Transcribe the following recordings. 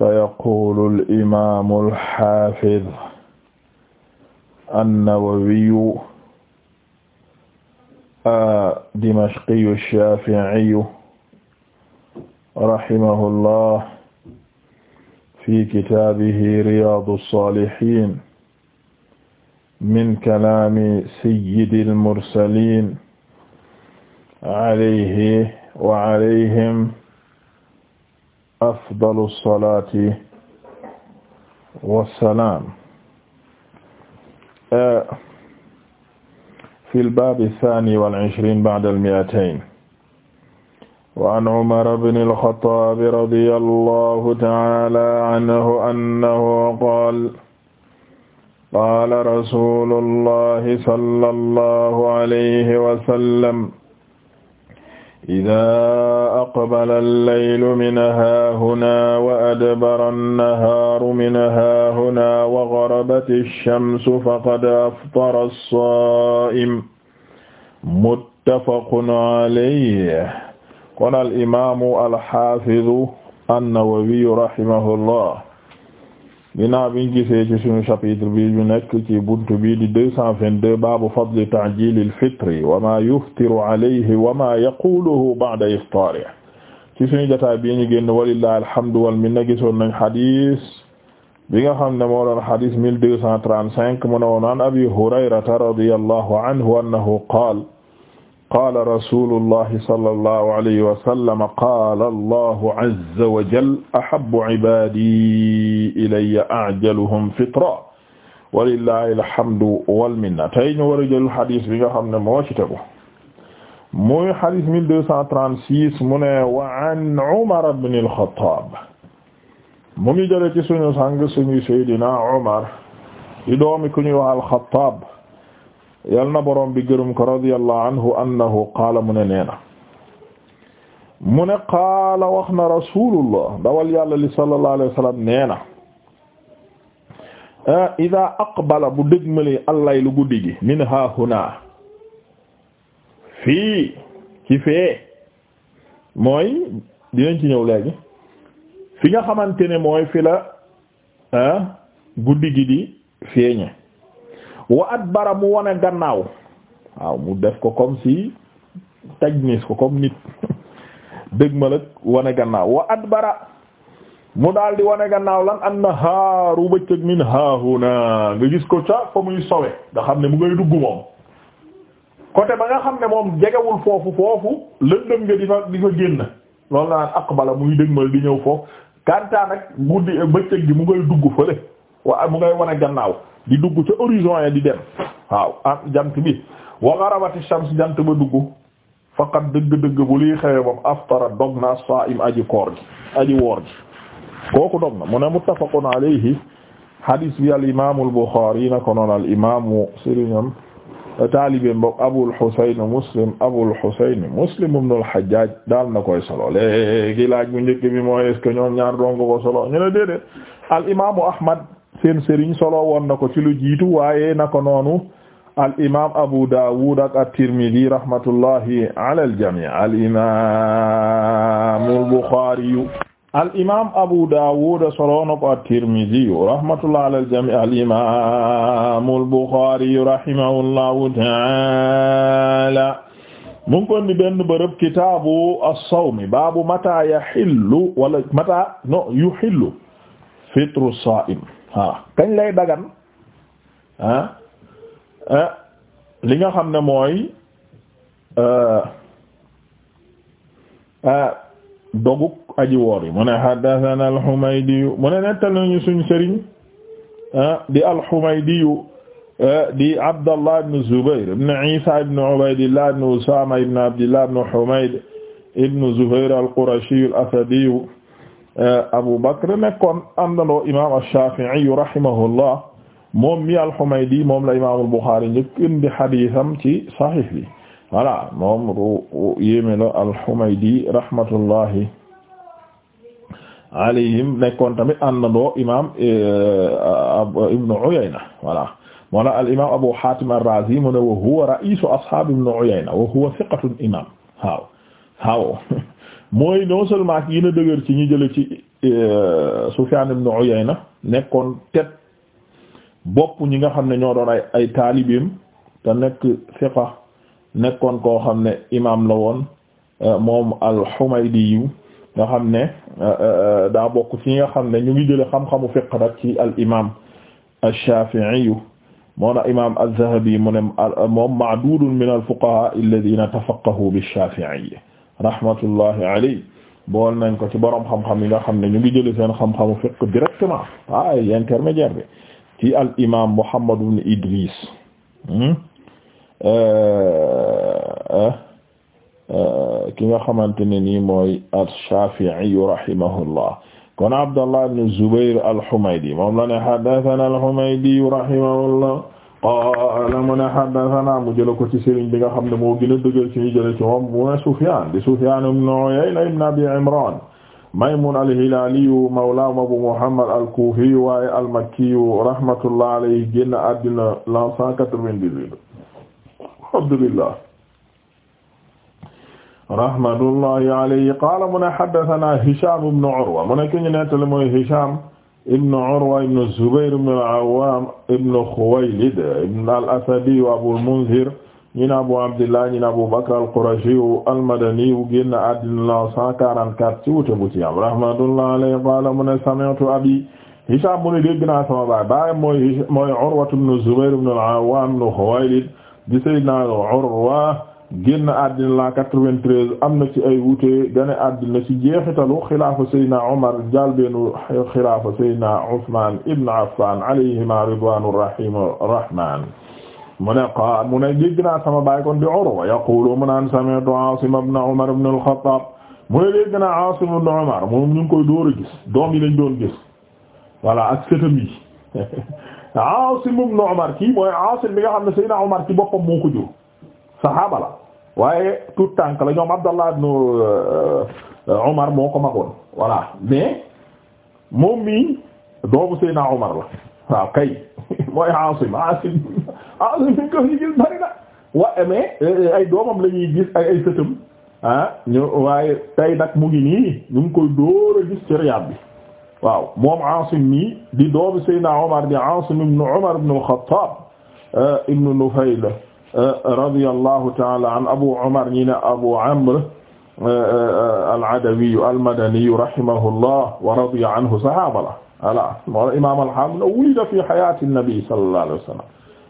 sayaqulu alimaamu alxafid annawawiyu dimashqiyu shaafi'iyu rahimahullah fi kitaabihi riyaadu saalihiin min kalaami sayyidil mursaliin alayhi wa alayhim afdalu salaati wassalaam fi lbaabi althani walishrin ba'da almi'atayn wa an umar ibn al-khattab radiyallahu ta'ala anhu annahu qaala qaala rasuulullahi sallallahu alayhi wa sallam idaa aqbala allaylu min haahunaa wa adbara annahaaru min haahunaa wa garabati shamsu faqad aftara as-saa'im muttafaqun alayhi qaala al imaamu al haafidu an-nawawiyu rahimahullah ginnaaw biñ gisee ci suñu chapitre bi ñu nekk ci buntu bi di deux cent vingt-deux baabu fadli ta'jilil fitri wa ma yuftiru alayhi wa ma yaquluhu ba'da iftaarihi ci suñu jotaay bi ñu génn walillahi alhamdu wal minna gisoon nañ xadis bi nga xam ne moo doon xadis mille deux cent trente-cinq mu ne woon an abi hurayrata radiyallahu anhu annahu qaala qaala rasuulullahi sallallahu alayhi wa sallam qaala allahu azza wa jal ahabbu ibaadi ilayya a'jaluhum fitra walillahi alhamdu wal minna tey ñu war a jël xadis bi nga xam ne moo ci tegu muy xadis 1236 mu ne wa an Umar ibn al-Khattab mu ngi jëlee ci suñu sang suñu saydina Umar di doomi ku ñuy wax al-Khattab yal na borom bi gërëm ko radiyallahu anhu annahu mu ne nee na mu ne qaala wax na rasulullah dawal yàlla li sallallahu alayhi wa nee na ah, ida aqbala bu dëgmale allay lu guddi gi min ha huna fii ci mooy dinañ ci ñëw léegi fi nga xamante ne mooy fi la ah, guddi gi di feeñe wa bara mu wane gannaaw waaw mu def ko comme si tajnis ko comme nit dëgg ma lag wane gannaaw wa adbara mu daal di wane gannaaw lan an na haaru bëccëg min haahuna nga gis ko ca fa muy sowe nga xam ne mu ngay dugg moom côté ba nga xam ne moom jegewul foofu foofu lëndëm nga di fa di fa génn loolu la naan aqbala muy dëgmal di ñëw foofu kantaa nag guddi bëccëg gi mu ngay dugg fële wa mu ngay wane gannaaw di dugg ca horizon ya di dem waaw ah jant bi wa gharabati shams jant ba dugg faqat dëgg-dëgg bu liy xewee bam aftara dog na saa'im aji koor gi aji woor gi kooku dog na mu ne muttafaqun alayhi hadis bi al imaamu al Buxaari na ko noon al imaamu sëriñam taalibeem boobu Abul Husayn Muslim Abul Husayn Muslim ibn al Hajjaj daal na koy solo léegi laaj bu njëkk bi mooy est-ce ñoom ñaar doon ko solo ñu ne déedéet al imaamu Ahmad seen sëriñ solo woon na ko ci lu jiitu waaye naka noonu al imaam Abu Dawud ak al jami' al al Bukhari Abu Dawud solo na ko al jami' al imaam al Bukhari rahimahullahu ta'ala mu ngi ko mata yahillu fitru saim waaw kañ lay dagan ah? ah li nga xam ne mooy euh, ah, doguk aji woor yi mu ne haddathana al-Humaydi mu ne nettal nañu suñ sëriñ ah, di al-Humaydi di Abdallah ibn Zubayr ibn Isa ibn Ubaydillah ibn Usama ibn Abdillah ibn Humayd ibn Zubayr al-Qurashi al-Asadi Euh, Abu Bakr nekkoon àndandoo imaam Ash-Shafi'i rahimahullah moom mi al-Humaydi moom la imaamul Bukhari njëkk indi hadiisam ci Sahih bi voilà moom ru yéeme la al-Humaydi rahmatullahi alayhim nekkoon tamit àndandoo imaam euh, Ibn Uyayna voilà moo la al-imaam Abu Hatim ar-Razi mu ne wa huwa ra'iisu ashaabi Ibn Uyayna wa huwa thiqatun imaam waaw waaw mooy non seulement ki na a dëgër ci ñu jële ci euh, Sufyan ibn Uyayna nekkoon tête bopp ñi nga xam ne ñoo doon ay ay taalibeem te nekk fiqa nekkoon koo xam ne imaam la woon euh, moom al-Humaydi yu nga xam ne euh, daa bokk ci nga xam ne ñu ngi jële xam-xamu fiq nag ci al imaam ash-Shafi'i yu moo imaam az-Zahabi mu ne moom ma'dudun min al-fuqaha alladhina tafaqqahu bi-shafi'iyya rahmatullahi alayhi bool nañ ko ci borom xam-xam yi nga xam ne ñu ngi jëli seen xam-xamu fiqh directement ay intermédiaire bi ci al imam Muhammad ibn Idris hmm? euh, euh, euh, ki nga xamante ne nii mooy al-Shafi'i rahimahullah kon Abdallah ibn Zubayr al-Humaydi moom la ne haddathana al-Humaydi rahimahullah qaala mu ne haddasanaa mu jëla ko ci sëriñ bi nga xam ne moo gën a dëgër ci ñu jële ci moom mu ne Sufyaan di Sufyaan ibn Uyayna ibn Abi Imraan Maymuun al-Hilaaliyu mawlaam Abu Muhammad al-Kuufiyu waaye al-Makkiyu rahmatullah alayhi génn àddina l'an cent quatre-vingt-dix-huit Abdullah rahmatullahi alayhi qaala mu ne haddasanaa Hishaam ibn Urwa mu ne ki ñu nettali mooy Hishaam ibn Urwa ibn Zubayr ibn al-Awwam ibn Khuwaylid ibn al-Asadi wa Abul Mundhir ñu ne Abu Abdillah ñu ne Abu Bakr al-Qurashi al-Madani génn àddina la 144 ci wuute bu ci am rahmatullahi alayhi qala mu ne sami'tu abi Hisham mu ne dégg naa sama baay baay mooy mooy Urwa ibn Zubayr ibn al-Awwam ibn Khuwaylid di Sayyidina Urwa génn àddina la 93 am na ci ay wuute gane àddina ci jeexitalu xilaafa Seydina Omar jalbeenu xilaafa Seydina Ousmane Ibn Affan alayhima ridwaanu rahim rahman mu ne qaal mu ne dégg naa sama baay kon di Urwa yaqulu mu naan sami'tu Aasim ibn Umar ibn al-Khattab mu ne dégg naa Aasim ibn Umar moom ñu ngi koy door a gis doom yi lañ doon gis voilà ak sëtam yi Aasim ibn Umar kii mooy Aasim bi nga xam ne Seydina Omar ci boppam moo ko jur saxaaba waaye tout tànk la ñoom Abdallah ibn Umar euh, moo ko magoon voilà mais moom mii doomu Seydina Umar waaw kay mooy Asim Asim ko ñu gis bari na wa euh, ay doomam la ay sëtam ah, waaye tey mu ngi nii ñu ngi koy waaw moom Asim mii di doomu Seydina Umar di Asim ibn Umar ibn al-Khattab euh, ibn Nufayl Euh, radiyallahu ta'ala an Abu Umar ñi ne Abu Amr euh, euh, al-Adawi al-Madani rahimahullah wa radiya anhu sahaaba la voilà moo imaam al-Hafiz wulida fi hayaati nabi sallallahu alayhi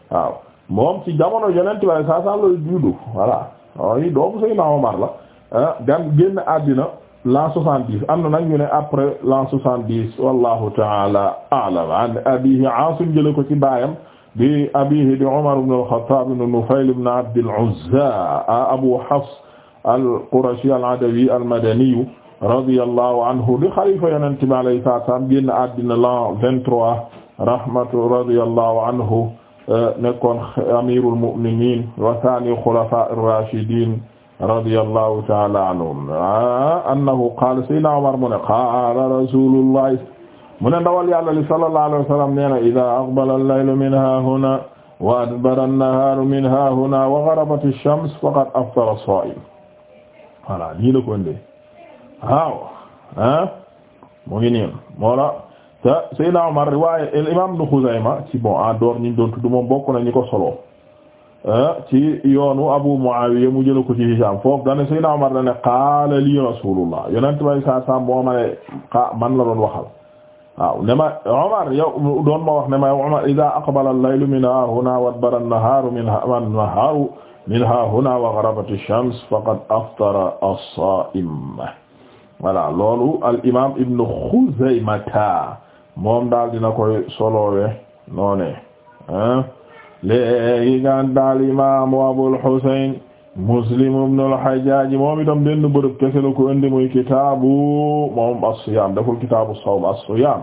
wa moom ci jamono yonent bi saa saa la juddu voilà waaye doomu Seydina Omar la gan génn àddina l'an soixante-dix am na ne après l'an soixante-dix ta'ala a'lam an abiihi Aasim jële ko ci baayam di abiihi di Umar ibn al-Khattab ibn Nufayl ibn Abd al-Uzza Abu Hafs al-Qurashi al-Adawi al-Madani radiyallahu anhu di xalifa Yonent bi alayhi salaam génn àddina la 23 rahmatu radiyallahu anhu e, nekkoon amirul mu'minin wa thani khulafa ar-rashidin radiyallahu ta'ala anhum annahu qala sayyidina Umar mu ne qala rasulullah mu ne ndawal yàlla li sallallahu alayhi wa sallam nee na idaa aqbala al-laylu min haahunaa wa adbara an-nahaaru min haahunaa wa gharabat ash-shams faqad aftara as-saa'im voilà nii la ko indee waaw ah mu ngi nii moo la te Seydina Omar riwaaye al-imaam Ibn Xuzayma ci bon en ah, dehors ñu doon tudd moom bokk na ñi ko solo ah, ci yoonu Abu Muawiya mu jël ko ci Hisaam foofu dane Seydina Omar dane qaala lii Rasuulullah yonent bay saa saa moo ma ne man la doon waxal. waaw ne ma Omar yow doon ma wax ne ma Omar idaa aqbala al-laylu min haahunaa wa adbara an-nahaaru min an-nahaaru min haahunaa wa gharabat ash-shams faqad aftara as-saa'im voilà loolu al imaam Ibn Khuzaymata moom daal dina koy soloowe noone léegi gan daal imaamu Abul Husayn Muslim ibn al-Hajjaj moom itam benn bërëb kese la ko indi muy kitaabu moom as-siyaam deful kitaabu sawm as-siyaam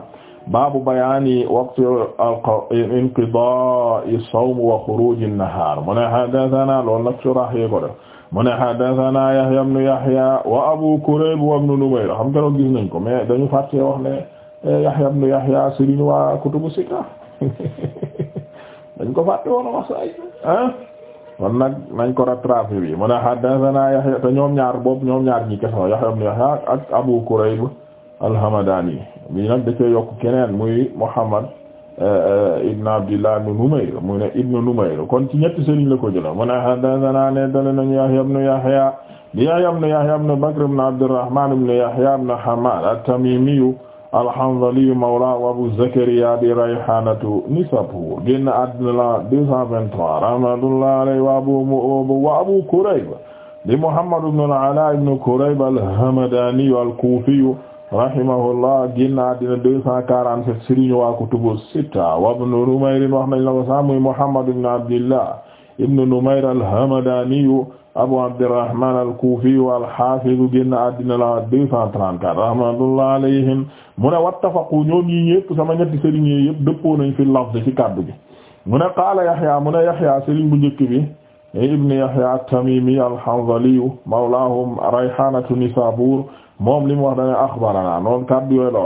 baabu bayaani waqti inqidaa'i sawm wa xuruuji nahaar mu ne haddasanaa lool nag surah yi ko def mu ne haddasanaa Yahya ibn Yahya wa Abu Kurayb wa ibn Numayr xam nga gis nañ ko mais dañu fàtte wax ne eh, Yahya ibn Yahya sëriñ waa kutubu sitta dañ ko fàtte woon wax say ah kon nag nañ ko rattrapé bi mu ne haddathana Yahya te ñoom ñaar boobu ñoom ñaar ñi keso Yahya ibn Yahya ak Abu Kurayb al-Hamadani bi nag da cee yokk keneen muy Muhammad eh, eh, ibn Abdillah ibn Numayr mu ne ibn Numayr kon ci ñetti sëriñ la ko jëla mu ne haddathana ne dale nañu Yahya ibn Yahya di Yahya ibn Bakr ibn Abdurrahman ibn Yahya ibn Hamad at-Tamimi al-Hanzali mawla Abu Zakariya di Rayhanatu Nisapur génn àddina la 223 rahmatullahi alayhi wa abu wa Abu Kurayb di Muhammad ibn al-Ala ibn Kurayb al-Hamadani al-Kufi rahimahullah génn àddina 247 sëriñ wa kutubu sitta wa Ibn Numayr wax nañ la ko sax muy Muhammad ibn Abdillah ibn Numayr al-Hamadani abu abdirrahman al-kufi al-hafiz génn àddina la 234 rahmatullah alayhim mu ne wattafaqu ñoom ñi ñëpp sama ñetti sëriñ fi lafz ci kaddu gi mu yahya mu yahya sëriñ bu njëkk bi ibn yahya at-tamimi al-hanzali mawlahum rayhanatu nisabur moom li mu wax dana axbarana noon kaddu yooyu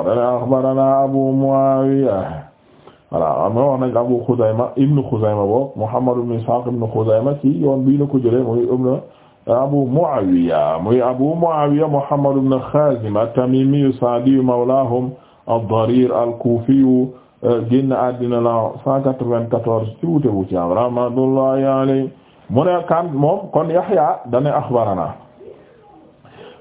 voilà am na wax nañ Abu Xuzayma ibnu Xuzayma boobu Muhammad ibnu Isxaaq ibnu Xuzayma ci yoon bii la ko jëlee muy ibnu Abu Muawiya muy Abu Muawiya Muhammad ibnu Xaazim at-Tamiimiyu as-Saadiyu mawlaahum ad-Dariir al-Kuufiyu génn àddina la 194 ci wuute bu ci am rahmatullahi alayhi mu ne kan moom kon Yahya dane axbarana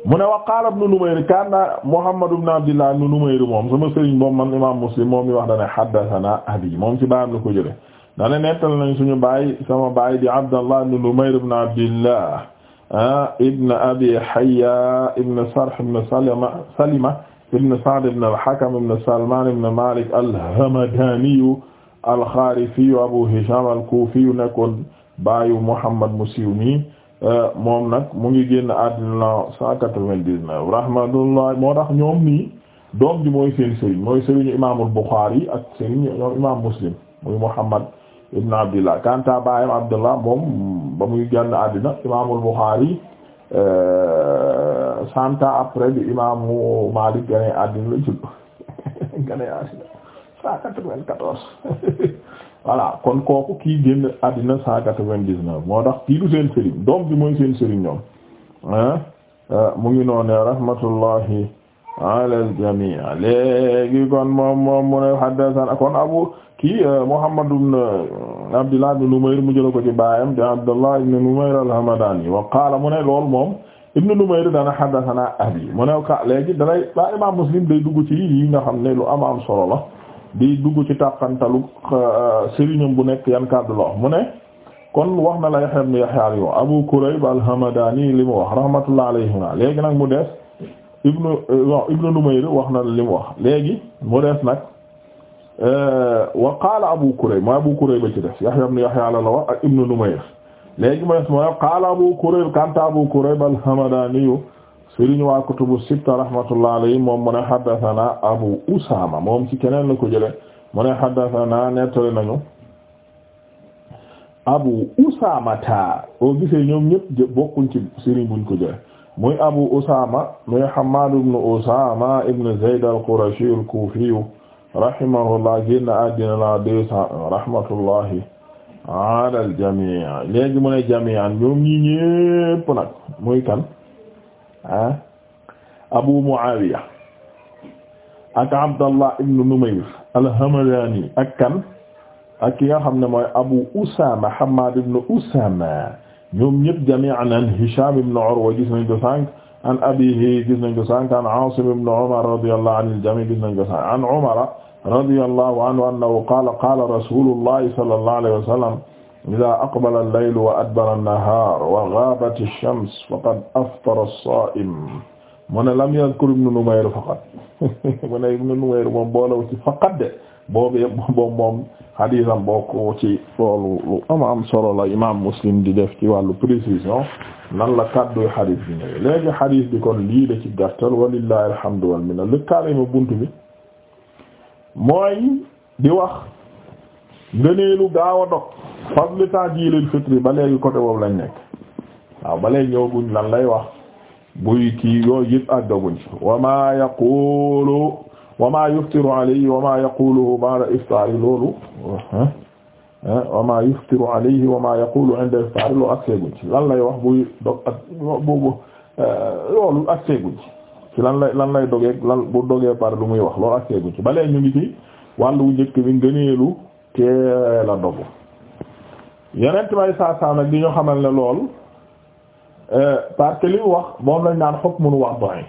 mu ne wa qaala ibn Numayr kaana Muhammad ibn Abdillah ibn Numayr moom sama sëriñ moom man imam Muslim moom mi wax dane haddathana abi moom ci baayam la ko jële dane nettal nañ suñu baay sama baay di Abdallah ibn Numayr ibn Abdillah ibn abi Hayya ibn Sarh ibn Salima Salima ibn Sa'd ibn al-Hakam ibn Salman ibn Malik al-Hamadani al-Kharifi Abu Hisham al-Kufi nekkoon baayu Muhammad mu siiw mi Euh, moom nag mu ngi génn àddina la cent quatre-vingt-dix-neuf rahmatullah moo tax ñoom nii doom ji mooy seen sëriñ mooy sëriñu imaamul Bukhari ak sëriñu ñoom Muslim muy Muhammad ibn Abdillah kanta baayam Abdullah moom ba muy génn àddina imaamul Bukhari euh, cent après bi imaamu Malik gane àddina la judd gane àddina cent quatre-vingt-quatorze voilà kon kooku kii génn àddina saa quatre-vingt-dix-neuf moo tax kii seen sëriñ doom bi mooy seen sëriñ ñoom euh, mu ngi noone rahmatullahi ala al-jamii léegi kon moom moom mu ne haddathana kon abu kii euh, Muhammad ibn euh, Abdullah ibn Numayr mu jëla ko ci baayam di Abdullah ibn Numayr al-Hamadani wa qaala mu ne lool moom ibn Numayr dana haddathana abi mu ne ka léegi dalay ba imam Muslim day dugg ci yi nga xam ne lu am am solo la di dugg ci tàqantalu euh, sëriñam bu nekk yan kàddu la wax mu ne kon wax na la Yahya ibn Yahya al yo Abu Kurayb al-Hamadani li mu wax rahmatullah alayhima léegi nag mu des ibnu euh, ibnu wax na li mu wax léegi mu des nag euh, wa qaala Abu Kurayb mooy Abu Kurayb ba ci des Yahya ibn la la wax ak ibnu Numayr léegi mu mooy qaala Abu Kurayb kanta Abu Kurayb al-Hamadani sëriñ waa kutubu sitta rahmatullah alayhi moom mu ne haddathana Abu Usama moom ci keneen la ko jëlee mu ne haddathana nettali nañu Abu Usama taa boo ñoom ñëpp bokkuñ ci buñ ko jëlee muy Abu Usama muy Hammad ibn Usama ibn Zayd al-Qurashi al-Kufi rahimahullah génn àddina la deux cent rahmatullahi ala al ñoom ñi ñëpp nag muy kan. ah Abu Muawiya ak Abdallah ibn Numayr al-Hamadani ak kan ak ki nga xam ne mooy Abu Usama Hammad ibn Usama ñoom ñëpp jami'an an Hisham ibn Urwa gis nañ ko sànq an abihi gis nañ ko sànq an Asim ibn Umar radiyallahu anil jami' gis nañ ko sànq an Umar radiyallahu anhu annahu qala qala rasulullahi sallallahu alayhi wa sallam idaa aqbala al-laylu wa adbara an-nahaar wa ghaabati ash-shams faqad aftara as-saa'im mu ne lam yadhkur ibnu Numayr faqad mu ne ibnu Numayr moom boolaw ci faqad de boobu boobu moom hadiisam bokk ci loolu lu am am solo la imaam Muslim di def ci wàllu précision nan la kàddu hadiis bi ñëwee léegi hadiis bi kon lii de ci gàttal walillaahi alhamdu wal minna lëkkaaleema buntu bi mooy di wax ngëneelu gaaw a dog fadl ta'jilil fitri ba léegi côté boobu lañ nekk waaw ba léegi ñëwaguñ lan lay wax buy kii yooyu yëpp àggaguñ wa ma yaqulu wa ma yuftiru wa ma yuftiru alayhi wa ma yaqulu loolu ak seeguñ ci lay wax buy dog ak euh, ci ci lan lay lan lay dogee lan bu dogee par lu muy wax loolu ak seeguñ ci ba léegi ñu ngi ci wàllu njëkk bi ngëneelu teel a dogu yonent bay saasaam nag di ñu xamal ne loolu euh, parce que li wax moom lañ naan xukmun wad'i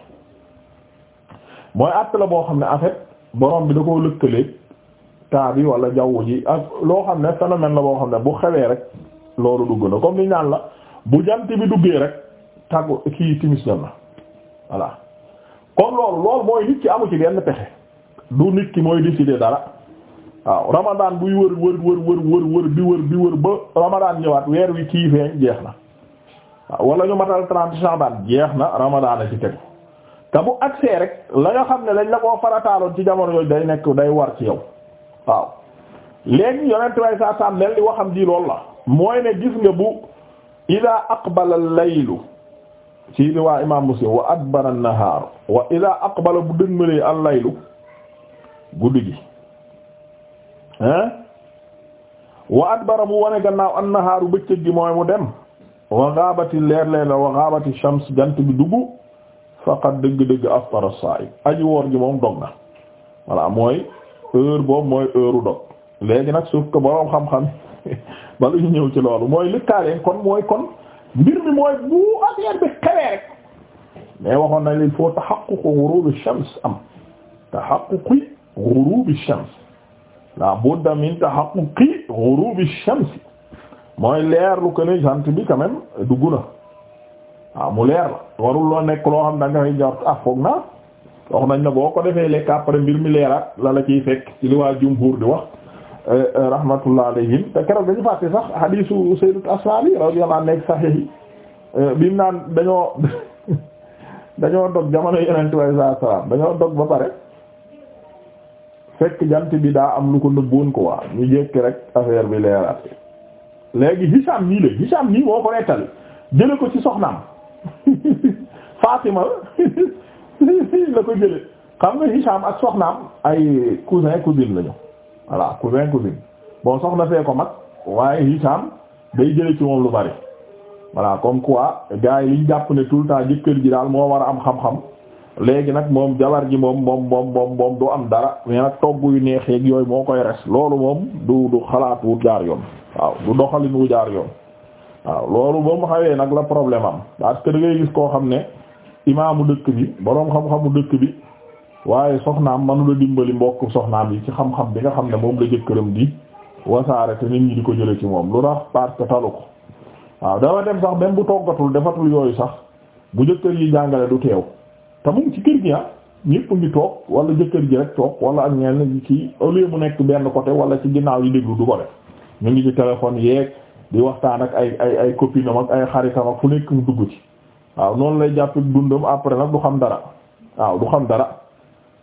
mooy àtt la boo xam ne en fait bi da koo lëkkaleeg taa bi wala jaww ji ak loo xam ne phénomène la boo xam ne bu xewee rek loolu dugg na comme ni ñaan la bu jant bi duggee rek tàggu kii timis jot na voilà kon loolu loolu mooy nit ki amu ci benn pexe du nit ki mooy décider dara. waaw Ramadan buy wër wër wër wër wër wër bi wër bi wër ba Ramadan ñëwaat weer wi kii feeñ jeex na waaw wala ñu matal trente Sha'ban jeex na Ramadan a ci tegu te bu agsee rek la nga xam ne dañ la farataaloon ci jamono yooyu day nekk day war ci yow waaw léegi yonent way saa saa mel di waxam ji loolu la mooy ne gis nga bu ida aqbala al-laylu ci riwaa imam Muslim wa adbara an-nahaar wa ida aqbala bu dëgmalee al-laylu guddi gi ah wa adbara mu wane gannaaw annahaaru bëccëg gi mooy mu dem wa gaabati leer leer la wa gaabati shams jant bi duggu faqat dëgg-dëgg aftara saa'im aji woor gi moom dog na voilà mooy heure boobu mooy heure u dog léegi nag suuf ko boroom xam-xam bala ñu ñëw ci loolu mooy lëkkaaleen kon mooy kon mbir mi mooy bu affaire bi xewee rek mais waxoon na il faut tahaqquq ghurub ash-shams am tahaqquq ghurub ash-shams la budda min tahaqquqi ghurubi shamsi mooy leer lu ko ne jant bi quand même na waaw ah, mu leer la warul loo nekk loo xam da nga fay jort ah, foog naa wax nañ na boo ko defee lekk après mbir mi leeraat la la fekk ci li waa jumhur di wax eh, eh, rahmatullah alayhim te keroog dañu fàtte sax hadisu sayyidat Asma bi radiyallahu anha nekk sahih yi eh, naan dañoo dog jamono yeneen tubaab yi saa salaam dañoo dog ba pare fekk jant bi daa am lu ko nëbboon ko waa ñu jekki rek affaire bi leeraat léegi Hisham nii la Hisham nii moo ko nettali jële ko ci soxnaam Fatima la ko jële xam nga Hisham ak soxnaam ay cousin cousine lañu voilà cousin cousine bon soxna fee ko mag waaye Hisham day jële ci moom lu bari voilà comme quoi gars yi liñ jàpp ne tout le temps kër ji daal moo war a am xam-xam léegi nag moom jabar ji moom moom moom moom moom du am dara mais nag yu neexee yooyu moo koy res loolu moom du du xalaat wu jaar yoon waaw du doxalin wu jaar yoon waaw loolu moom xawee nag la problème am parce que da ngay gis koo xam ne imaamu dëkk bi boroom xam-xamu dëkk bi waaye soxnaam manula dimbali mbokk soxnaam yi ci xam-xam bi nga xam ne moom la jëkkëram di wasaare te nit ñi di ko jële ci moom lu tax parce que talu ko waaw dafa dem sax même bu toggatul defatul yooyu sax bu jëkkër yi jàngale du teew te mu ci kër gi ah ñëpp ngi toog wala jëkkër ji rek toog wala ak ñenn ci au lieu mu nekk benn côté wala ci ginnaaw yi déglu du ko def ñu ngi ci téléphone yeeg di waxtaan ak ay ay ay copine am ay xaritam ak fu nekk mu dugg ci waaw noonu lay jàpp dundam après nag du xam dara waaw du xam dara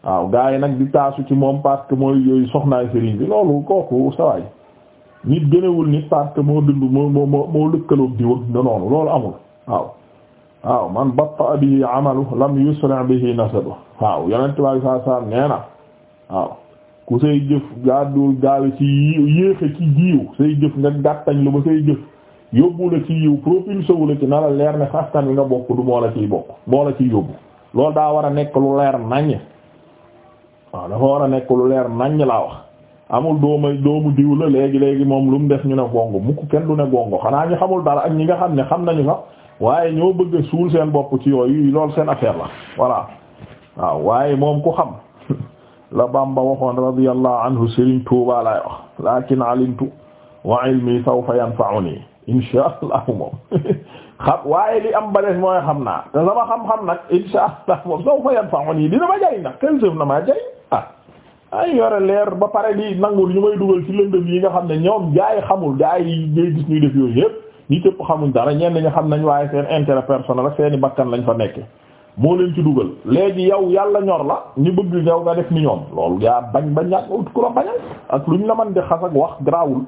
waaw gars yi nag di taasu ci moom parce que mooy yooyu soxnaay sëriñ bi loolu kooku sawaay nit gënewul nit parce moo dund moo moo moo lëkkaloog di wëg noonu loolu amul waaw man batta bihi amalu lam yusra bihi nasabu waaw yonent bi saa saa nee na waaw ku say jëf gaadul gaawe ci yéexe ci jiiw say jëf nga gàttañ lu ba say jëf yóbbu la ci yiw propulsé la ci na la leer ne fastan wi nga bokk du moo la ciy bokk moo la ciy yóbbu loolu daa war a nekk lu leer naññ waaw dafa war a nekk lu leer nañ laa wax amul dooma doomu diw la léegi léegi moom lu mu def ñu ne gongo mukk kenn du ne gongo xanaa ñu xamul dara ak ñi nga xam ne xam nañu sax waaye ñoo bëgg suul seen bopp ci yooyu lool seen affaire la voilà waaw waaye moom ku xam la Bamba waxoon radiyallahu anhu Serigne Touba laay wax lakin alimtu wa ilmi sawfa yanfa'uni insha allah moom waaye li am balees mooy xam naa te sama xam-xam nag insha allah moom sawfa yanfa'uni dina ma jariñ nag tel sëf na maa jariñ ah, ay yore leer ba pare di nangul ñu may dugal ci lëndëm yi nga xam ne ñoom jaay xamul jaay yi ngay def yooyu yépp ñi cëpp xamuñ dara ñenn ñi xam nañ waaye seen intere personnel ak seen i bakkan lañ fa nekk moo leen ci dugal léegi yow yàlla ñor la ñu bëgg ñëw nga def ni ñoom loolu yaa bañ ba ñàkk ut ku la bañal ak luñ la mën di xas ak wax garaawul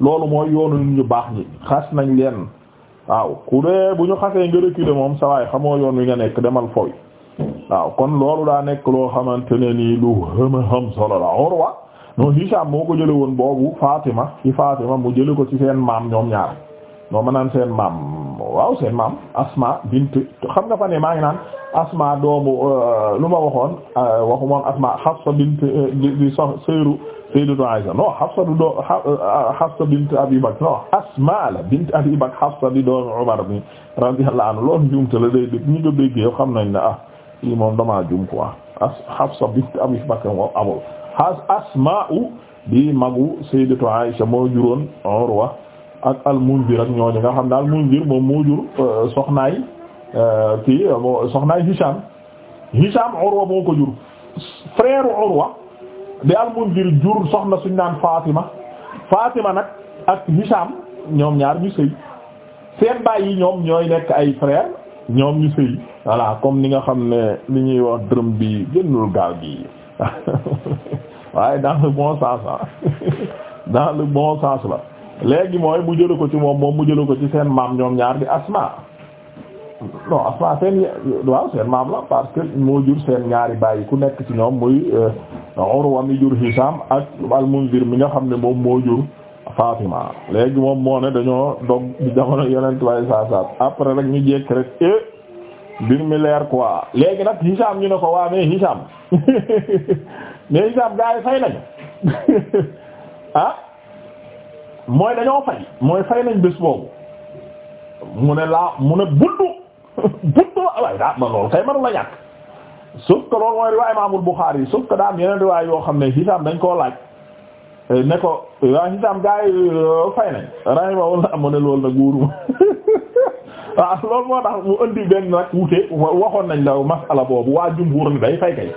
loolu mooy yoonu ñu baax ñi xas nañ leen waaw ku dee bu ñu xasee nga de moom sa waaye xamoo yoon wi nga nekk demal fooy waaw kon loolu daa nekk loo xamante ne nii lu hëma ham solo la Urwa non Hisham moo ko jële woon boobu Fatima ci Fatima mu jële ko ci maam ñoom ñaar non ma naan seen maam waaw seen maam Asma bint xam nga fa ne maa ngi doomu euh, lu ma waxoon euh, waxu moon Asma Hafsa bint euh, di sox seeru Sayyidatu Aisha non Hafsa du doo Hafsa bint Abi Bakr la bint Abi Bakr di doomu Umar bi radiyallahu anhu loolu njuumte la day dégg ñu ko déggee yow xam nañ ne ah lii moom damaa juum quoi as Hafsa bint Abi Bakr moom amul magu Sayyidatu Aisha moo juróon Urwa ak al-Munzir ak ñooñu nga xam ne al-Munzir moom moo jur euh, soxnaay euh, kii euh, soxnaay Hisham Hisham Urwa moo ko jur frère Urwa di al-Munzir jur soxna suñ naan Fatima Fatima nag ak Hisham ñoom ñaar ñu sëy seen baay yi ñoom ñooy nekk ay frère ñoom ñu sëy voilà comme ni nga xam ne li ñuy wax dërëm bi génnul gaal gi waaye dans le bon sens dans le bon sens la léegi mooy mu jëla ko ci moom moom mu jëla ko ci seen maam ñoom ñaar di asma non asma seen waaw seen maam la parce que moo jur seen ñaari bàyyi ku nekk ci ñoom muy euh, Urwa mi jur Hisham ak al-Munzir mi nga xam ne moom moo jur Fatima léegi moom moo ne dañoo dog di jamono yonent waaye saa saa après rek ñu jekk rek eh mbir mi leer quoi léegi nag Hisham ñu ne ko waa mais Hisham mais Hisham gaa yi fay nañu ah mooy dañoo fay mooy fay nañ bés boobu mu ne laa mu ne buddu buddu waaye daa ma loolu kay manu la ñàkk sauf que loolu mooy riwaay Imaamul Buxaari sauf que daa am yeneen riwaay yoo xam ne Hisaam dañ koo laaj eh, ne ko waaw Hisaam gaa yi euh, fay nañ rahimahullah mu ne loolu nag wóoruma waaw loolu moo tax mu indi benn nag wute waxoon nañ la masala boobu waa jumhuur ni day fay kay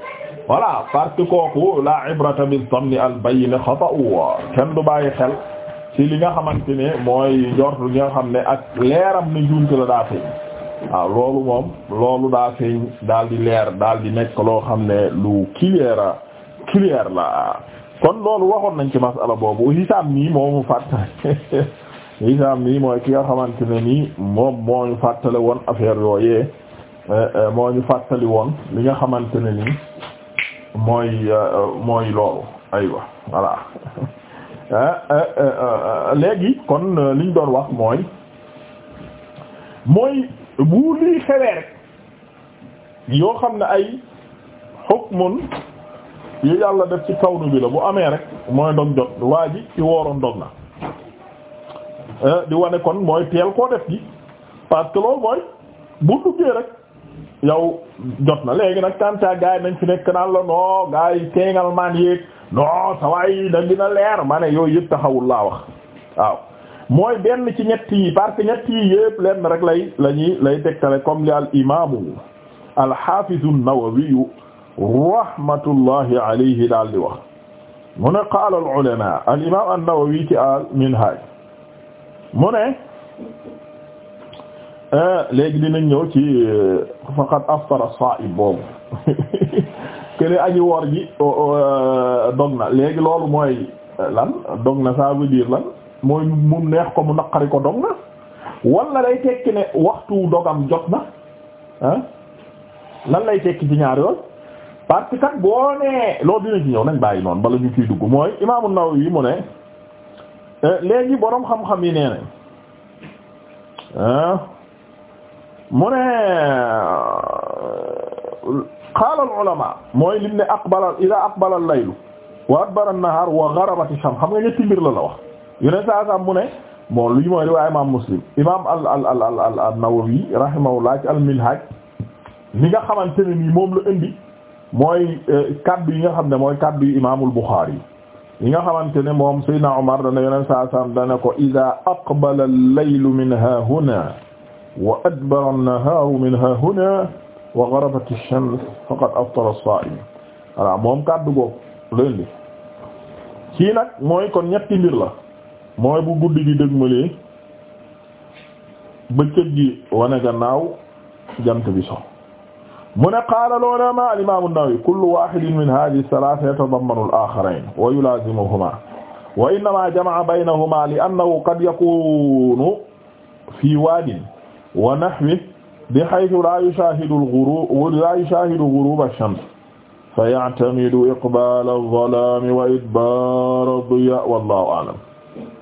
voilà parce que la ibrata bi zanni al bayyin xata'u kenn du bàyyi xel ci li nga xamante ne mooy njortu li nga xam ne ak leeram ne juumte la daa feeñ waaw loolu moom loolu daa feeñ daal di leer daal di nekk loo xam ne lu clair a la kon loolu waxoon nañ ci masala boobu hisaam nii moomu fàttali hisaam nii mooy ki nga xamante ne nii moom moo ñu fàttali woon affaire yooyee eh, eh, moo ñu fàttali woon li nga xamante ne nii mooy eh, mooy loolu aywa voilà Euh, euh, euh, léegi kon liñ doon wax mooy mooy bu lii xewee rek yoo xam ne ay hukmun yu yàlla def ci kawnu bi la bu amee rek mooy ndog jot waa ji ci wooroon ndog na di wane kon mooy teel koo def gi parce que mooy bu duggee rek yow jot na léegi nag tanta gaay nañ fi nekk naan la no gaay maan yéeg non sa waay da leer ma ne yooyu yëpp taxawul laa wax waaw mooy benn ci ñetti yi parce que rek lay la ñuy lay tegtale comme li al imaamu al xaafizu an-Nawawi rahmatullahi alayhi daal di wax mu ne qaala al ulamaa al imaam an-Nawawi ci al minhaaj mu ne eh, léegi dinañ ñëw ci eh, faqad aftara saa'im boobu kële aji woor ji euh, dog na léegi loolu mooy euh, lan dog na ça veut dire lan mooy mu neex ko mu naqari ko dog na wala day tekki ne waxtu dogam jot na ah lan lay tekki ci ñaar yoon parce que boo nee loolu dina ci ñëw nañ bàyyi noonu bala ñu ciy dugg mooy imaamu Nawawi mu ne euh, léegi boroom xam-xam yi nee mu ne qaala al ulama mooy lim ne aqbala ida aqbala al laylu wa adbara an nahar wa gharabat ash-shams xam nga ñetti mbir la la wax yeneen saa saa mu ne bon lii mooy riwaaya imaam Muslim imaam al al al al al an-Nawawi rahimahullah ci al-Minhaj li nga xamante ne nii moom la indi mooy eh, kaddu yi nga xam ne mooy kaddu yi imaamul Buxaari yi nga xamante ne moom Seydina Omar dana yeneen saa saa dana ko ida aqbala al-laylu min haahuna wa adbara an-nahaaru min haahuna wa gharabati shams faqad aftara as-sa'im voilà moom kàddu googu leen di kii nag mooy kon ñetti mbir la mooy bu guddi gi dëgmalee bëccëg gi wane gannaaw jant bi so mu ne qaala al-ulamaa al-imaam an-Nawawi kullu waahidin min haadihi ath-thalaatha yatadammanu al-aakharayn wa yulaazimuhumaa wa innamaa jama'a baynahumaa li annahu qad yakuunu fii waadin wa nahwihi bi haythu la yushahidu al-ghurub la yushahidu ghurub ash-shams fa ya'tamidu iqbal adh-dhalami wa idbar ad-diya wallahu a'lam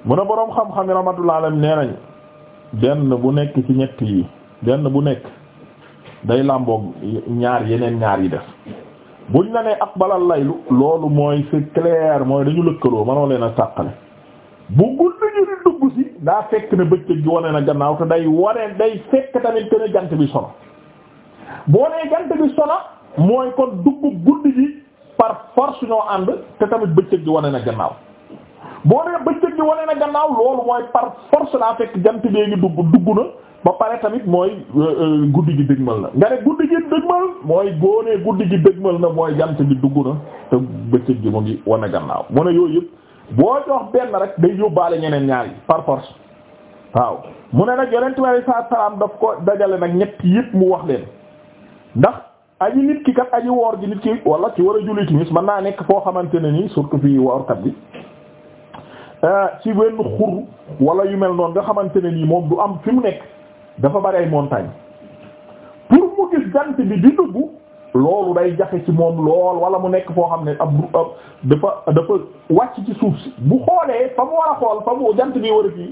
mu ne boroom xam-xam yi rahmatullah alayhim nee nañ benn bu nekk ci ñett yi benn bu nekk day làmboog ñaar yeneen ñaar yi def buñ la nee aqbalal laylu loolu mooy c'est clair mooy dañu lëkkaloo manoo leen a tàqale bu guddi gi di dugg si daa fekk ne bëccëg gi wane na gannaaw te day wane day fekk tamit que jant bi sono boo nee jant bi sono mooy kon dugg guddi gi par force ñoo ànd te tamit bëccëg gi wane na gannaaw boo nee bëccëg gi wane na gannaaw loolu mooy par force daa fekk jant bee ngi dugg dugg na ba pare tamit mooy euh, euh, guddi gi dëgmal na nga ne guddi gi dëgmal mooy boo nee guddi gi dëgmal na mooy jant bi dugg na te bëccëg gi mu ngi wane gannaaw mu ne yooyu yëpp. boo jox benn rek day yóbbaale ñeneen ñaar yi par waaw mu ne nag yonent bi alayhi salaatu salaam daf ko dajale nag ñett yëpp mu wax leen ndax aji nit ki kat aji woor ji nit ki wala ci war a julli timis mën naa nekk foo xamante ne nii surtout fii woorkat bi euh, ci wenn xur wala yu mel noonu nga xamante ne nii moom du am fi mu nekk dafa bari ay pour mu gis jant bi di dugg loolu day jafe ci moom lool wala mu nekk foo xam ne ab dafa dafa wàcc ci suuf si bu xoolee fa mu war a xool fa mu jant bi war a fii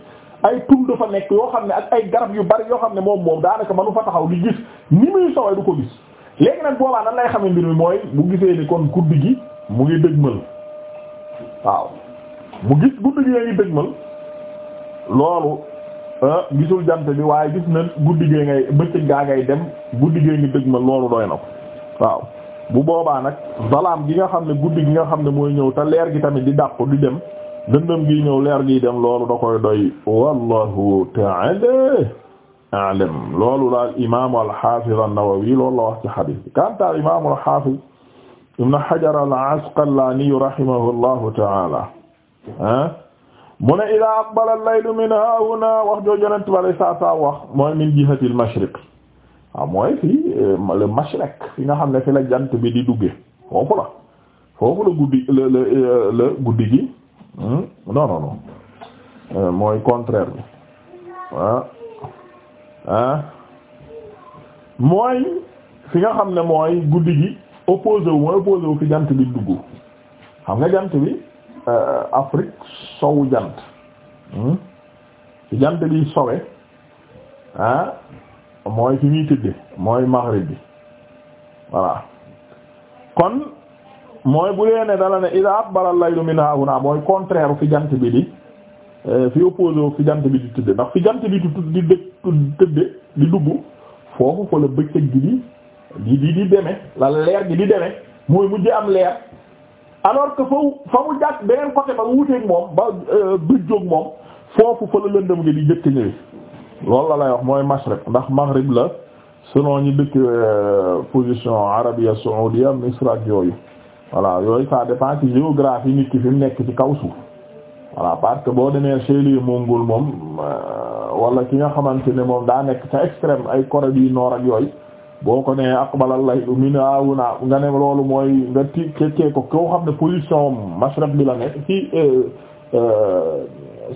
ay tund dafa nekk yoo xam ne ak ay garab yu bari yoo xam ne moom moom daanaka mënu fa taxaw di gis ni muy sowee du ko gis léegi nag boobaa nan lay xamee mbir mi mooy bu gisee ni kon guddi gi mu ngi dëgmal waaw mu gis guddi gi ngay dëgmal loolu ah, gisul jant bi waaye gis na guddi gee ngay bëccëg gaa ngay dem guddi gee ngi dëgmal loolu doy na waaw bu boobaa nag zalaam gi nga xam ne guddi gi nga xam ne mooy ñëw te leer gi tamit di dàq di dem lëndëm gi ñëw leer gi dem loolu da koy doy wallahu ta'ala a'lam loolu daal imaam al-Hafiz an-Nawawi loolu la wax ci xadiis bi kanta imaam al-Hafiz ibn Hajar al-Asqalani rahimahullahu ta'ala ah mu ne ila aqbala al-laylu min hahuna wax joo bale saa saa wax mooy min jihati al-mashriq waaw ah, mooy fii euh, le mashriq fi nga xam ne fi la jant bi di dugge foofu la foofu la guddi la la la guddi gi hmm? non non non euh, mooy contraire bi mooy fi nga xam ne mooy guddi gi opposé wu mooy opposé fi jant bi dugg xam nga jant bi euh, Afrique sowu jant hmm? fi jant bi sowe ah mooy fi ñuy tëdde mooy maghrib bi voilà kon mooy bu dee ne dala ne ida aqbala laylu min haahuna mooy contraire fi jant bi di eh, fi opposé fi jant bi di tëdde ndax fi jant bi di di di dugg foofu gi di di di di deme la leer gi di deme mooy mujj am leer alors que fa fa mu jàkk beneen côté ba wuuteeg moom ba euh, bëj jóg moom foofu fa la lëndëm gi di jëkk loolu la lay wax mooy mashriq ndax maghrib la sinon ñi dëkk euh, position arabia saoudia misra ak yooyu voilà yooyu ça dépend ci géographie nit ki fi mu nekk ci kaw suuf voilà parce que boo demee chez les Mongols moom euh, wala ki nga xamante ne moom daa nekk ca extrême ay Corée du Nord ak yooyu boo ko nee aqbalal laylu minna nga ne loolu mooy nga ti kekkee ko koo xam ne position mashriq bi la nekk ci euh,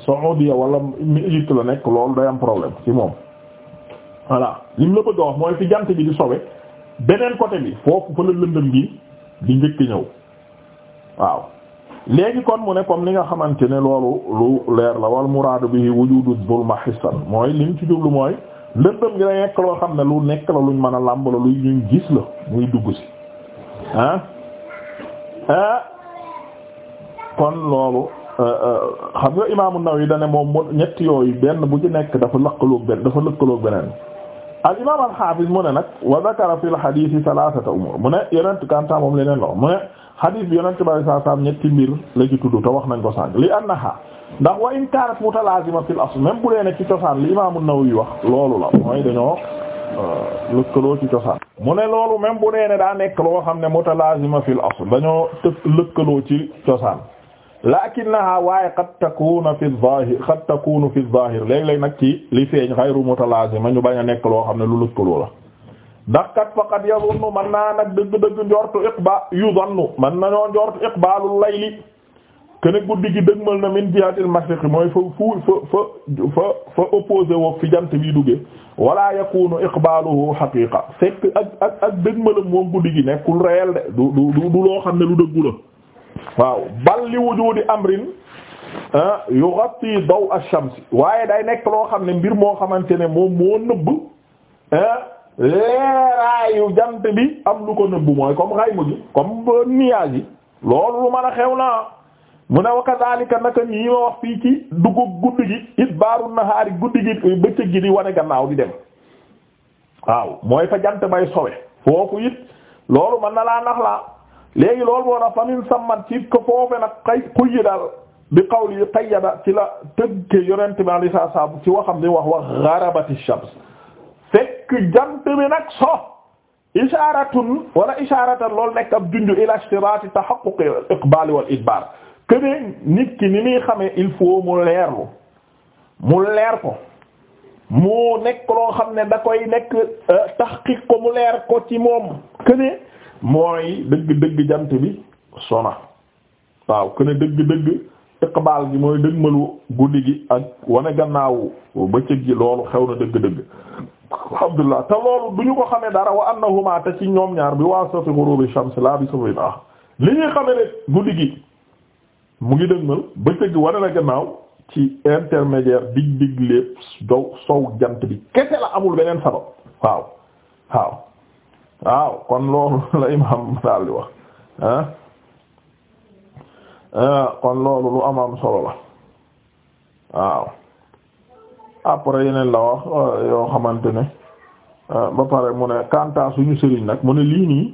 Saoudia wala Égypte la nekk loolu day am problème ci moom voilà li la bëgg a mooy fi jant bi di sowe beneen côté bi foofu fa la lëndëm gi di njëkk ñëw waaw léegi kon mu ne comme li nga xamante ne loolu lu leer la wal muraadu bi wujudu zulma hissan mooy li mu ci jublu mooy lëndëm gi da nekk loo xam ne lu nekk la luñ mën a làmb la lu ñu gis la muy dugg si ah ah kon loolu Euh, euh, xam nga imaamu Nawawi dane moom ñett yooyu benn bu ci nekk dafa lëkkaloog benn dafa lëkkaloog beneen al imaam al xaafis mu ne nag wa zakara fil xadiisi salaasata umuur mu ne yonent kanta moom leneen la mu ne xadiis bi yonent bi saa saam ñetti mbir la ci tudd te wax nañ ko sànq li annaha ndax wa in kaanat mutalaazima fil asl même bu dee ne ci cosaan li imaamu Nawawi wax loolu la mooy dañoo euh, lëkkaloo ci cosaan. mu ne loolu même bu dee ne daa nekk loo ne mutalaazima fil asl dañoo të lëkkaloo ci cosaan. lakinnaha waaye qad takunu fi zahir qad takunu fi zahir léeg-léeg nag ci li feeñ xayru mutalazima ñu bañ a nekk loo xam ne lu lëkkaloo la ndax kat ya yazunnu man naa nag dëgg-dëgg njortu iqba yuzannu man nañoo njortu iqbalul layli kene guddi gi dëgmal na min jihatil mashriqi mooy fa fu fa fa fa fa opposé woo fi jant bi duggee wala yakunu iqbaluhu haqiqa fekk ak ak ak dëgmalam guddi gi nekkul réel de du du du loo xam ne lu dëggu waaw bal li wujudi amrin ah, yughatti daw ash-shamsi waaye day nekk loo xam ne mbir moo xamante ne moom moo nëbb ah, leeraayu jant bi am nu ko nëbb mooy comme xaymu gi comme nuage yi loolu lu mën a xew naa mu ne wa kadhalika naka nii ma wax fii ci duggu guddi gi idbaaru nahaari guddi gi bëccëg gi di wane gannaaw di dem waaw mooy fa jant bay sowe foofu it loolu mën na laa nax laa léegi lool moo tax famin sammat ko foofe nag xay xuyi daal bi qawli yu qayyada ci la tëgke yonent bi alai saa ci waxam ni wax wax garabati shams fekk jant bi nag so isharatun wala isharatan lool nekk ab junj ila ishtirati tahaqquq iqbal wal idbar keneen nit ki ni muy xamee il faut mu leerlu mu leer ko mu nekk loo xam ne da koy nekk euh, tahqiq ko mu leer ko ci moom keneen mooy dëgg-dëgg jant bi sona waaw kuene dëgg-dëgg iqbaal gi mooy dëgmalu guddi gi ak wane gannaawu bëccëg gi loolu xew na dëgg-dëgg alhamdulillah te loolu du ñu ko xamee dara wa annahuma te ci ñoom ñaar bi waa safi ghurubi shams la bi safi ah li ñuy xamee ne guddi gi mu ngi dëgmal bëccëg gi wane na gannaaw ci intermédiaire dig dig lépp dow sow jant bi kese la amul beneen sabab waaw waaw waaw kon loolu la imam daal di wax euh, kon loolu lu amam solo la waaw après yeneen la wax euh, yoo xamante ne euh, ba pare mu ne kanta suñu sëriñ nag mu ne lii nii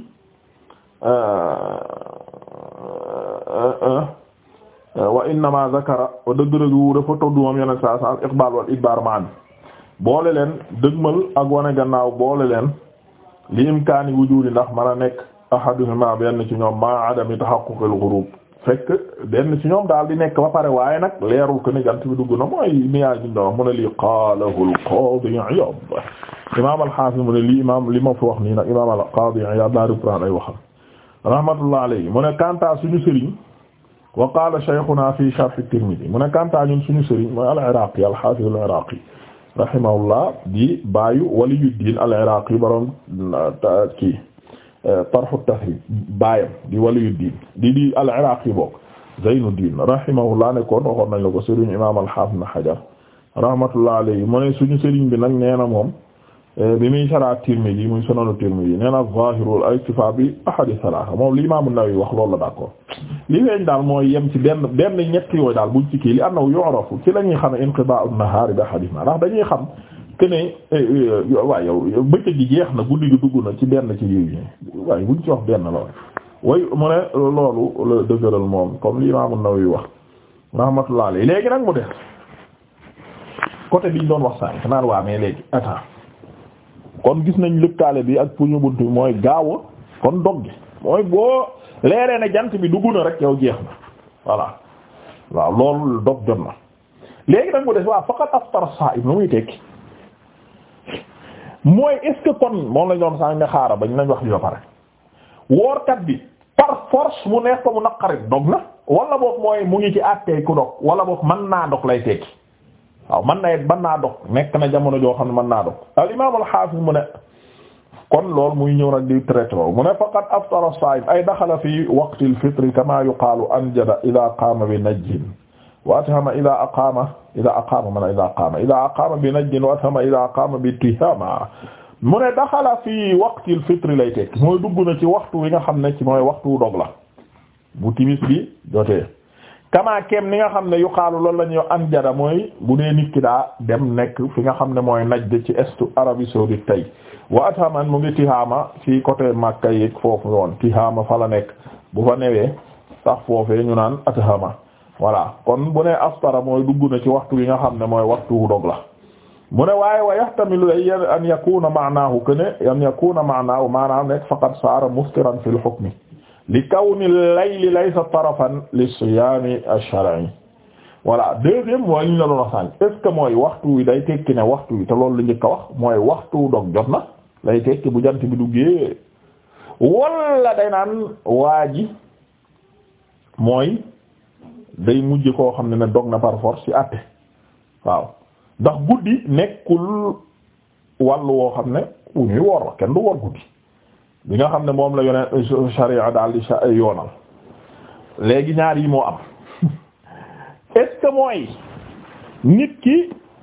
wa innama zakara dëgg-dëggu dafa tudd moom yeneen saa saa iqbal wal idbar maan boole leen dëgmal ak wane gannaaw boole leen li imkaani wujudi ndax mën a nekk ahaduhuma benn ci ñoom ma adami tahaqquqil ghurub fekk benn ci ñoom daal di nekk ba pare waaye nag leerul ko ni jant bi dugg na mooy nuage bi ñu doon wax mu ne lii qaalahu al-qaadi Iyaad imaam al-Haafiz mu ne lii imaam li ma fi wax nii nag imaam al-qaadi Iyaad daa reprendre ay waxam rahmatullah alayhi mu ne Kantaa suñu sëriñ wa qaala shaykhunaa fi sharh at-Tirmidhi mu ne Kantaa ñun suñu sëriñ mooy al-Iraaqi al-Haafiz al-Iraaqi rahimahullah di baayu waliyuddin al-Iraqi borom kii tarhu tahrib baayam di waliyuddin di di al-Iraqi bokk Zaynuddin rahimahullah ne kon waxoon nañ la ko sëriñ imaam al-Hafiz Ibn Hajar rahmatullah alayhi mu ne suñu sëriñ bi nag nee na moom bi muy sara Tirmidhi muy sunanu Tirmidhi nee na zaahirul iktifaa bi ahadi salaasa moom li Imaam an wax loolu la d'accord li feeñ daal mooy yem ci benn benn ñett yooyu daal buñ ci kii li annahu yu'rafu ci la ñuy xam ne inqidaa'u an-nahaari bi ahadihima ndax dañuy xam que ne eh, eh, waaye yow bëccëg gi jeex na guddi gi dugg na ci benn ci yii yi waaye buñ ci wax benn lool way mu ne loolu la dëgëral moom comme li Imaam an wax rahmatullahi alayhi léegi nag mu def côté biñ doon wax sànq kon gis nañ lëkkaale bi ak puñu bunt bi mooy gaawa kon dog gi mooy boo leeree ne jant bi dugg na rek yow jeex na voilà waaw loolu dog jot na léegi nag mu des waaw faqat aftara sa'im lu muy tekki mooy est kon moom lañ doon sànq ne xaara bañ nañ wax bi ba pare woorkat bi par force mu neex ko mu naqari dog na wala boog mooy mu ngi ci àttee ku dog wala boog mën naa dog lay tekki waaw man na man naa dog nekk na jamono joo xam ne mën naa dog al imaam al xaafis mu ne kon loolu muy ñëw nag di traité woo mu ne faqad aftara saa'im ay daxala fi waqti al fitri kama yuqaalu anjada ida qaama bi najjin wa athama ida aqaama ida aqaama man ida aqaama ida aqaama bi najjin wa athama ida aqaama bi tihama mu ne daxala fi waqti al fitri lay tekk mooy dugg na ci waxtu wi nga xam ne ci mooy waxtu dog la bu timis bi jotee kamaa keem ni nga xam ne yu xaalu loolu la ñuy am jada mooy bu dee nit ki daa dem nekk fi nga xam ne mooy naj Najd ci estu Arabie saoudite tey wa ataman mu ngi Tihaama ci côté Makka yi foofu yoon Tihaama fa la nekk bu fa newee sax foofee ñu naan Atahama voilà kon bu ne aftara mooy dugg na ci waxtu wi nga xam ne mooy waxtu dog la mu ne waaye wa yahtamilu an yakuna ma'nahu an yakuna ma'nahu maanaam nekk faqad saara muftiran fil hukmi li kawni layli laysa tarafan li siyaami ash-shar'i deuxième mooy li ñu la doon wax sànq est mooy waxtu wi day tekki ne waxtu wi te loolu la njëkk a wax mooy waxtu dog jot na lay tekki bu jant bi duggee wala day naan waa ji mooy day mujj koo xam ne ne dog na par force ci àtte waaw ndax guddi nekkul wàllu woo xam ne bu ñuy woor la kenn du woor guddi bi nga xam ne moom la yoneen sharia daal di yoonal léegi ñaar yi moo am est nit ki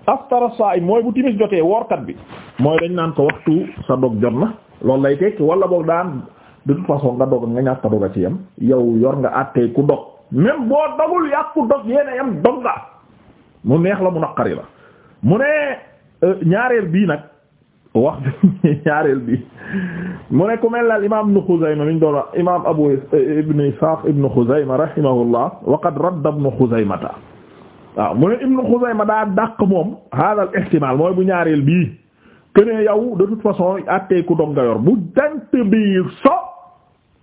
aftara saa mooy bu timis jotee woorkat bi mooy dañ naan ko waxtu sa dog jot na lool lay tekki wala boo daan de toute façon nga dog nga ñàkk dog a ci yam yow yor nga àttee ku dog même boo dogul yàqu dog yéena yam dog nga mu neex la mu naqari la mu ne euh, ñaareel bii nag wax bi ñaareel bi mu ne ku mel ne imaam Ibn Xuzayma mi ñu doon wax imaam Abu Ibn Isaaq Ibn Xuzayma rahimahullah wa qad radda Ibn Xuzaymata waaw mu ne Ibn Xuzayma daa dàq moom haadal ihtimaal mooy bu ñaareel bii que ne yow de toute façon àttee ku dog nga yor bu dant bi so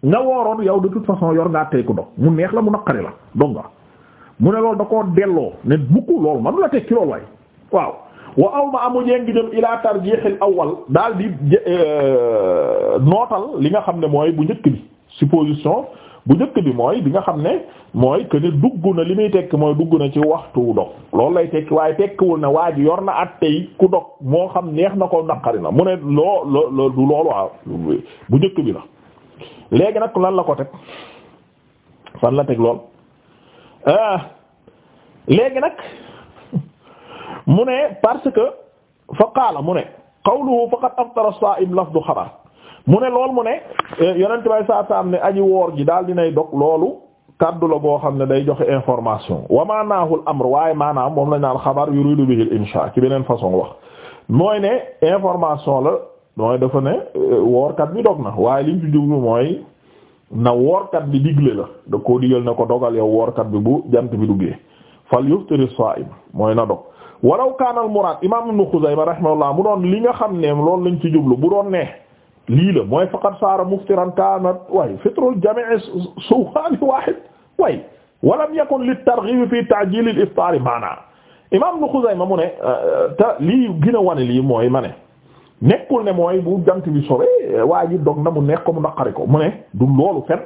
nga wooroon yow de toute façon yor nga àttee ku dog mu neex la mu naqari la dog nga mu ne loolu da koo delloo ne bukku loolu manu tekki loolu waaye waaw. wa aw ma amu jéngi jëm ila tarjihil awal daal di euh, nootal li nga xam ne mooy bu njëkk bi supposition bu njëkk bi mooy bi nga xam ne mooy que ni dugg na li muy tekki mooy dugg na ci waxtu wu dog loolu lay tekki waaye tekkiwul ne waa ji yor na at tey ku dog moo xam neex na ko naqari na mu ne loo loo du loolu waaw bu njëkk bi la. léegi nag lan la ko teg fan la teg lool ah, léegi nag. mu ne parce que fa qaala mu ne qawluhu faqad aftara saa'im lafdu xabar mu ne lool mu ne eh, yonent bay saa saa am ne aji woor gi daal dinay dog loolu kaddu la boo xam ne day joxe information wa maanaahul amr waaye maanaam moom la ñu naan xabar yuridu bihi al-inshaa ci beneen façon wax mooy ne information la mooy dafa ne eh, woorkat bi dog na waaye liñ ci jublu mooy na woorkat bi digle la da koo digal na ko dogal yow woorkat bi bu jant bi duggee fal yuftiri saa'im mooy na wala kaana muraad imaam ibnu Xuzayma rahimahullah mu doon li nga xam ne loolu lañ ci jublu bu doon ne lii la mooy faqad saara muftiran kaanat waaye fitrul jamii suwaani waahid waaye walam yakun li targhiib fi ta'jiil al iftaar imaam ibnu Xuzayma mu ne te lii gën a wane lii mooy ma ne nekkul ne mooy bu jant bi sobee waa ji dog na mu nekk mu naqari ko mu ne du loolu fen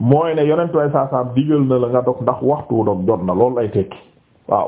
mooy ne yonent way saa saam digal na la dog ndax waxtu dog jot na loolu ay tekki.